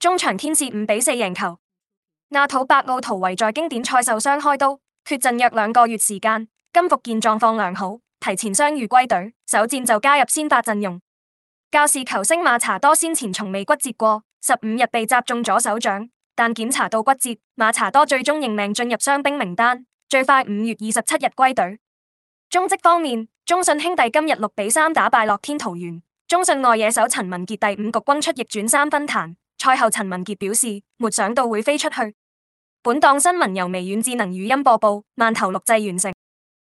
終場天使五比四贏球。阿土伯奧圖維在經典賽受傷開刀，缺陣約兩個月時間。金復健狀況良好，提前傷癒歸隊，首戰就加入先發陣容。教士球星馬查多先前從未骨折過，十五日被砸中左手掌，但檢查到骨折，馬查多最終認命進入傷兵名單，最快五月二十七日歸隊。中職方面，中信兄弟今日六比三打敗樂天桃園，中信外野手陳文杰第五局轟出逆轉三分彈。賽後，陳文杰表示：沒想到會飛出去。本檔新聞由微軟智能語音播報，慢投錄製完成。